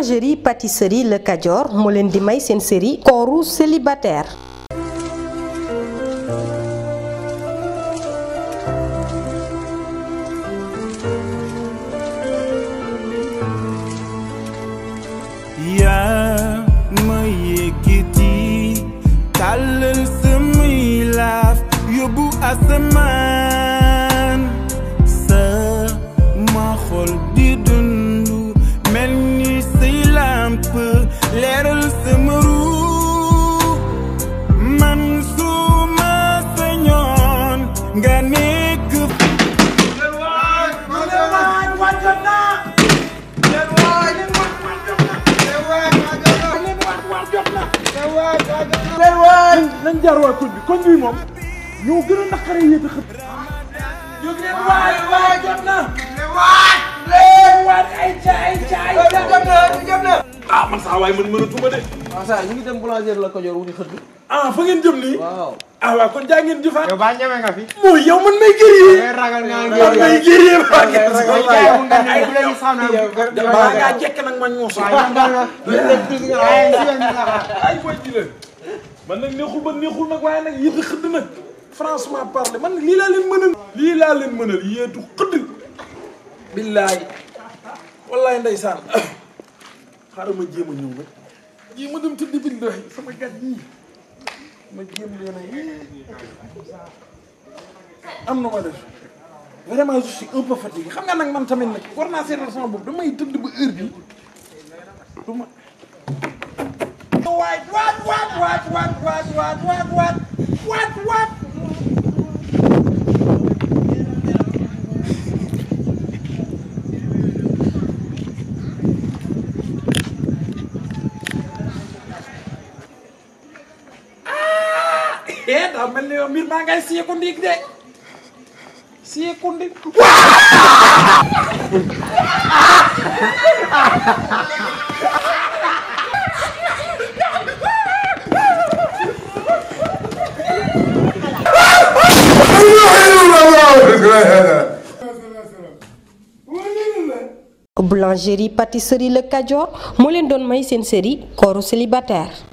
boulangerie pâtisserie Le Cadior mo len di may sen série kooru célibataire ya ma yëkkati tàllal samay laaf yóbbu asam غنيك leen waay nañ jaar waa koñ bi koñ bi moom ñoo gën a naqaree yëpp xëpp man sa way man mënatuma de sa ñu ngi dem boulanger la ko jor wuti xëdd ah fa ngeen jëm ni waaw ah waaw kon jaa ngeen jëfaat yow ba ñame nga fi mo yow man may gëri ngay ragal nga ngi yow may gëri ba ngay ragal ay bu leen xamna ba nga jekk nak man ñu sa ay boy ci leen man nak neexul ba neexul nak waye nak yëtt xëdd nak franchement parler man li la leen mënal li la leen mënal yëtu xëdd billahi wallahi ndaysan xaaral ma jéem a ñëw nag ji ma dem tëdd sa sama gat yii ma jéem leen a am na ma su vraiment je suis un peu fatigué xam nga nag man tamit nag war naa seetal sama bopp damay tëdd ba heure bi du waaj waaj waaj waaj waaj waaj eh mel mbir ngay ko boulangerie pâtisserie Le Cadior moo leen doon may série corps célibataire